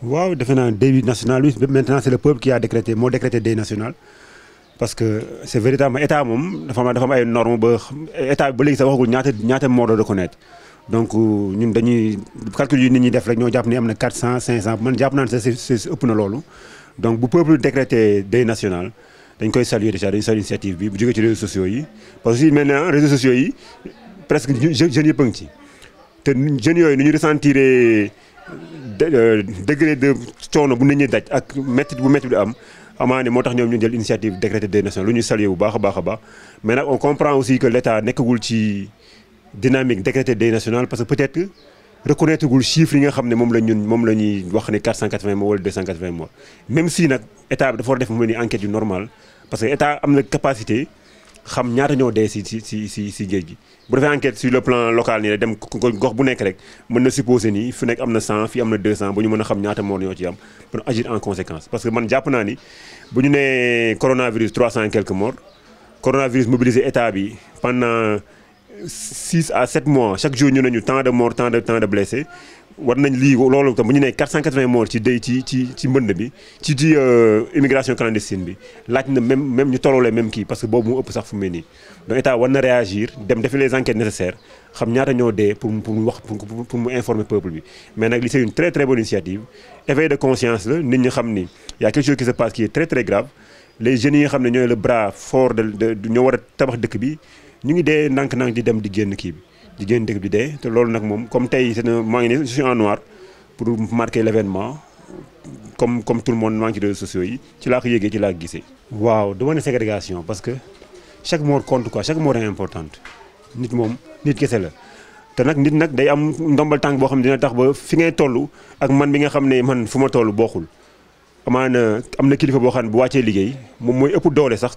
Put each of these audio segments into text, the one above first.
waaw defe naa deuil national bi maintenant c'est le peuple qui a décrété moo décrété deuil national parce que c'est véritablement état moom dafa am dafa am ay normes ba état ba léegi sax waxagul ñaata ñaata mort la donc ñun dañuy calcul nit ñi def rek ñoo jàpp ne am na 400 500 man jàpp naa ne c'est ëpp na loolu donc bu peuple décrété deuil national dañ koy saluer déjà dañu saluer initiative bi bu jógee ci réseaux sociaux yi parce que maintenant réseaux sociaux yi presque jeunes yëpp ci te jeunes yooyu Euh, degré de coono bu nit ñi daj ak métti bu métti bi am amaa ne moo tax ñoom ñu jël initiative décréter deuil national lu ñuy saluer bu baax a baax baax mais nag on comprend aussi que l' nekkagul ci dynamique décréter deuil national parce que peut-être que reconnaître gul chiffre yi nga xam ne moom la ñun moom la ñuy wax ne 480 mois wala 280 mois même si nag état bi dafa war def mu ne enquête yu normal parce que état am na capacité. xam ñaata ñoo dee si si si géej gi bu defee enquête sur le plan local nii rek dem gox bu nekk rek mën na supposé nii fu nekk am na 100 fii am na 200 ba ñu mën a xam ñaata moor ñoo ci am pour agir en conséquence parce que man jàpp naa ni bu ñu nee coronavirus 300 et quelques morts coronavirus mobilisé état bi pendant 6 à 7 mois chaque jour ñu ne ñu tant de morts tant de tant war nañ lii loolu tam bu ñu nee 480 morts ci day ci ci ci mbënd bi ci di euh, immigration clandestine bi laaj na même même ñu toloolee même kii parce que boobu mu ëpp sax fu mu ne nii donc état war na réagir dem defi les enquêtes nécessaires xam ñaata ñoo dee pour pour mu wax pour pour mu informer peuple bi mais nag li c'est une très très bonne initiative éveil de conscience la nit ñi xam ni y a quelque chose qui se passe qui très très grave les jeunes yi xam ne ñooy le bras fort de ñoo war a tabax dëkk bi ñu ngi dee ndànk-ndànk di dem di génn kii bi di dëkk bi dee te loolu nag moom comme tey c'est maa ngi ne je suis noir pour marquer l'événement comme comme tout le monde maa ngi ci réseaux sociaux yi ci laa ko yëgee ci laa ko gisee. waaw dama ne ségrégation parce que chaque mort compte quoi chaque mort important nit moom nit kese la. te nag nit nag day am ndombal tànk boo xam ne dina tax ba fi ngay tollu ak man bi nga xam ne man fu ma toll bokkul amaana am na kilifa boo xam ne bu wàccee liggéey moom mooy ëpp doole sax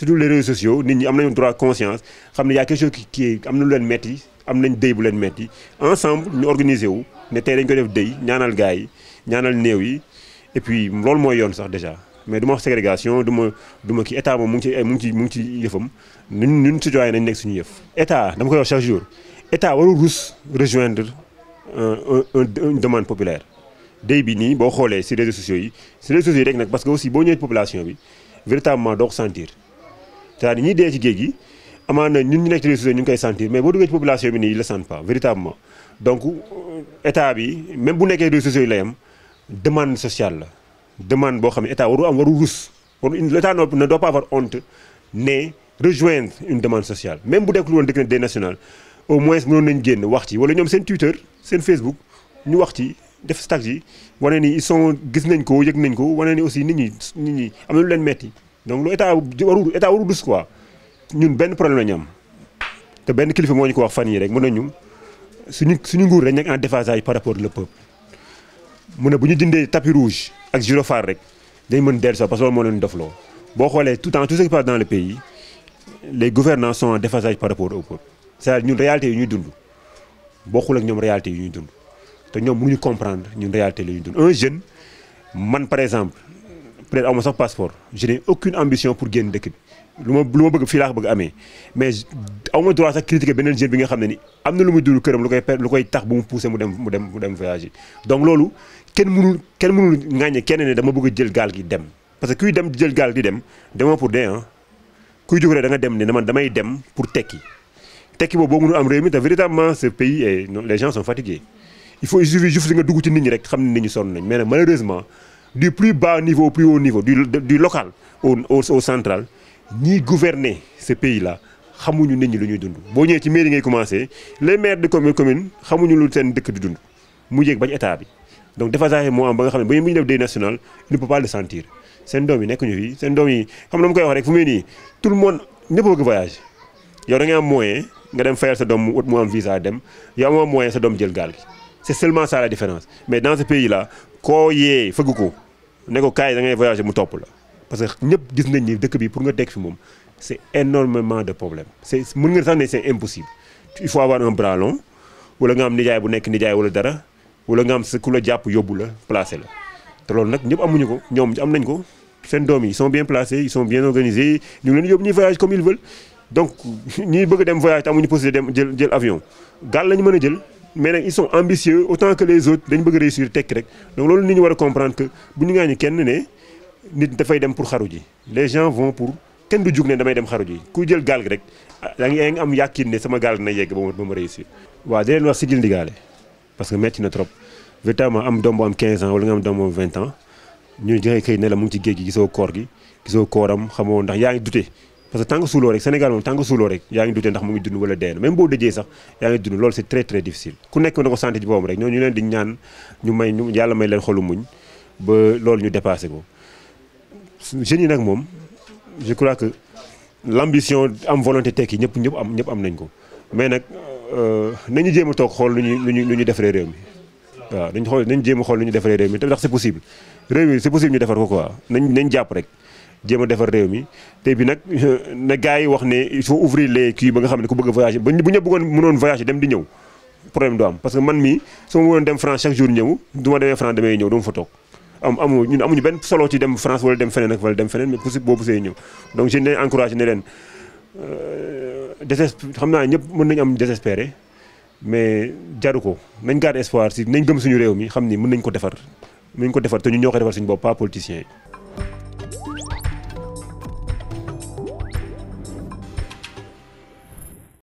surtout les réseaux sociaux nit ñi am nañu droit conscience xam ne y a quelque chose qui am na lu leen metti am nañ dëy bu leen metti ensemble ñu organiser wu ne tey dañ ko def dëy ñaanal gars yi ñaanal néew yi et puis loolu mooy yoon sax déjà mais du ma wax ségrégation du ma du ma kii état moom mu ngi ci mu ngi ci mu ngi ci yëfam ñun ñun citoyen nañ nekk suñu yëf. état dama koy wax chaque jour état warul rus rejoindre une demande populaire day bi nii boo xoolee si réseaux sociaux yi si réseaux sociaux yi rek bi véritablement taa à dire dee ci géej gi amaana ñun ñu nekk ci réseaux ñu ngi koy sentir mais boo duggee ci population bi nii ils le sentent pas véritablement donc euh, état bi même bu nekkee réseaux sociaux yi la yam demande sociale la demande boo xam ne état waru am waru rus waru l'état ne doit pas avoir honte ne rejoindre une demande social même bu nekkul woon décret national au moins mënoon nañ génn wax ci wala ñoom seen Twitter seen Facebook ñu wax ci def stag yi wane ni ils sont gis nañ ko yëg nañ ko wane ni aussi nit ñi nit ñi am na leen metti donc lu état waru état waru dus quoi ñun benn problème la ñu am te benn kilifa moo ñu ko wax fan yi rek mun nañu suñu suñu nguur dañ nekk en déphasage par rapport le peuple mu ne bu ñu dindee tapis rouge ak gyrophare rek dañ mën dellu si parce que loolu moo leen loo boo xoolee tout temps tout ce qui passe dans le pays les gouvernants sont en déphasage par rapport au peuple c'est-à-dire ñun réalité yi ñuy dund boo ak ñoom réalité yi ñuy dund te ñoom mënuñu comprendre ñun réalité la ñuy dund un jeune man par exemple peut-être aw ma sax passeport je n'ai aucune ambition pour génn dëkk bi lu ma lu ma bëgg fii bëgg amee mais aw ma sax critiquer beneen jeune bi nga xam ne ni am na lu muy dund këram lu koy lu koy tax bu mu poussé mu dem mu dem voyager donc loolu kenn mënul kenn mënul ŋàññe kenn ne dama bëgg jël gaal gi dem parce que kuy dem jël gaal di dem demoo pour dee ah kuy jóg rek da dem ne man damay dem pour tekki tekki boobu boo mënul am réew mi te véritablement ce pays ci nit ñi rek xam ne nit ñi sonn nañ mais du plus bas niveau au plus haut niveau du du local au au central ñiy gouverner ce pays là xamuñu nit ñi lu ñuy dund. boo ñëwee ci mairie ngay commencé les maires de commune commune xamuñu lu seen dëkk di dund mu yéeg bañ état bi donc déphasage moo am ba nga xam ne ba ñu def de national il ne peut pas le sentir seen doom yi nekkuñu fi seen doom yi xam na mu koy wax rek fu muy nii tout le monde ñëpp bëgg voyage yow da am moyen nga dem fayal sa doom mu ut mu am dem yow amoo moyen sa doom jël gaal c'est seulement ça la différence mais dans ce pays là koo yee fëgg ko ne ko kaay da ngay voyager mu topp la parce que ñëpp gis nañ ni dëkk bi pour nga dekk fi moom c'est énormément de problèmes c'est mën nga sax ne c'est impossible il faut avoir un bras long wala nga am nijaay bu nekk nijaay wala dara wala nga am sa ku la jàpp yóbbu la placé la te loolu nag ñëpp amuñu ko ñoom am nañ ko seen doom yi ils sont bien placés ils sont bien organisés ñu ngi leen bëgg dem voyage dem jël jël avion gaal lañu mën a jël mais nag ils sont ambitieux autant que les autres dañ bëgg réussir tekki rek donc loolu nit ñi war a comprendre que bu ñu ngaañu kenn ne nit dafay dem pour xaru ji les gens vont pour kenn du jug ne damay dem xaru ji ku jël gaal gi rek da nga am yàqin ne sama gaal dina yegg ba ma ba ma réussir. waaw di leen wax si jël ndigaale parce que metti na trop véritablement am doom bu am 15 ans wala nga am doom bu am 20 ans ñu joxe xëy ne la mu ngi ci géej gi gisoo koor gi gisoo kooram xamoo ndax yaa ngi dute parce que tant que suuloo rek Sénégal moom tant que suuloo rek yaa ngi dutee ndax mu ngi dund wala dee na même boo dëjee sax yaa ngi dund loolu c'est très très difficile ku nekk na ko santé ci ñu may ñu yàlla may leen xolu muñ ba loolu ñu dépassé ko jeunes yi nag moom je crois que l'ambition am tekki ñëpp ñëpp am ñëpp am nañ ko mais nag euh, nañu jéem a toog xool lu ñuy lu ñuy lu ñuy defaree réew mi waaw nañu xool nañu jéem a xool lu ñu defaree réew mi te ndax c'est possible réew mi c'est possible ñu defar ko quoi nañ nañ jàpp rek jéem a defar réew mi te bi nag na gars yi wax ne il faut ouvrir les kii ba nga xam ne ku bëgg a voyager bu ñu bëggoon mënoon voyager dem di ñëw problème du am parce que man mii su ma mënoon dem France chaque jour ñëw du ma demee France damay ñëw du ma fa toog am amu ñun amuñu benn solo ci dem France wala dem feneen ak wala dem feneen mais possible boobu see ñëw donc euh, xam naa ñëpp mën nañu am désespéré mais jaru ko nañ garder espoir si nañ gëm suñu réew mi xam ni mën nañ ko defar mën ko defar te ñu ñoo ko defar suñu bopp pas politiciens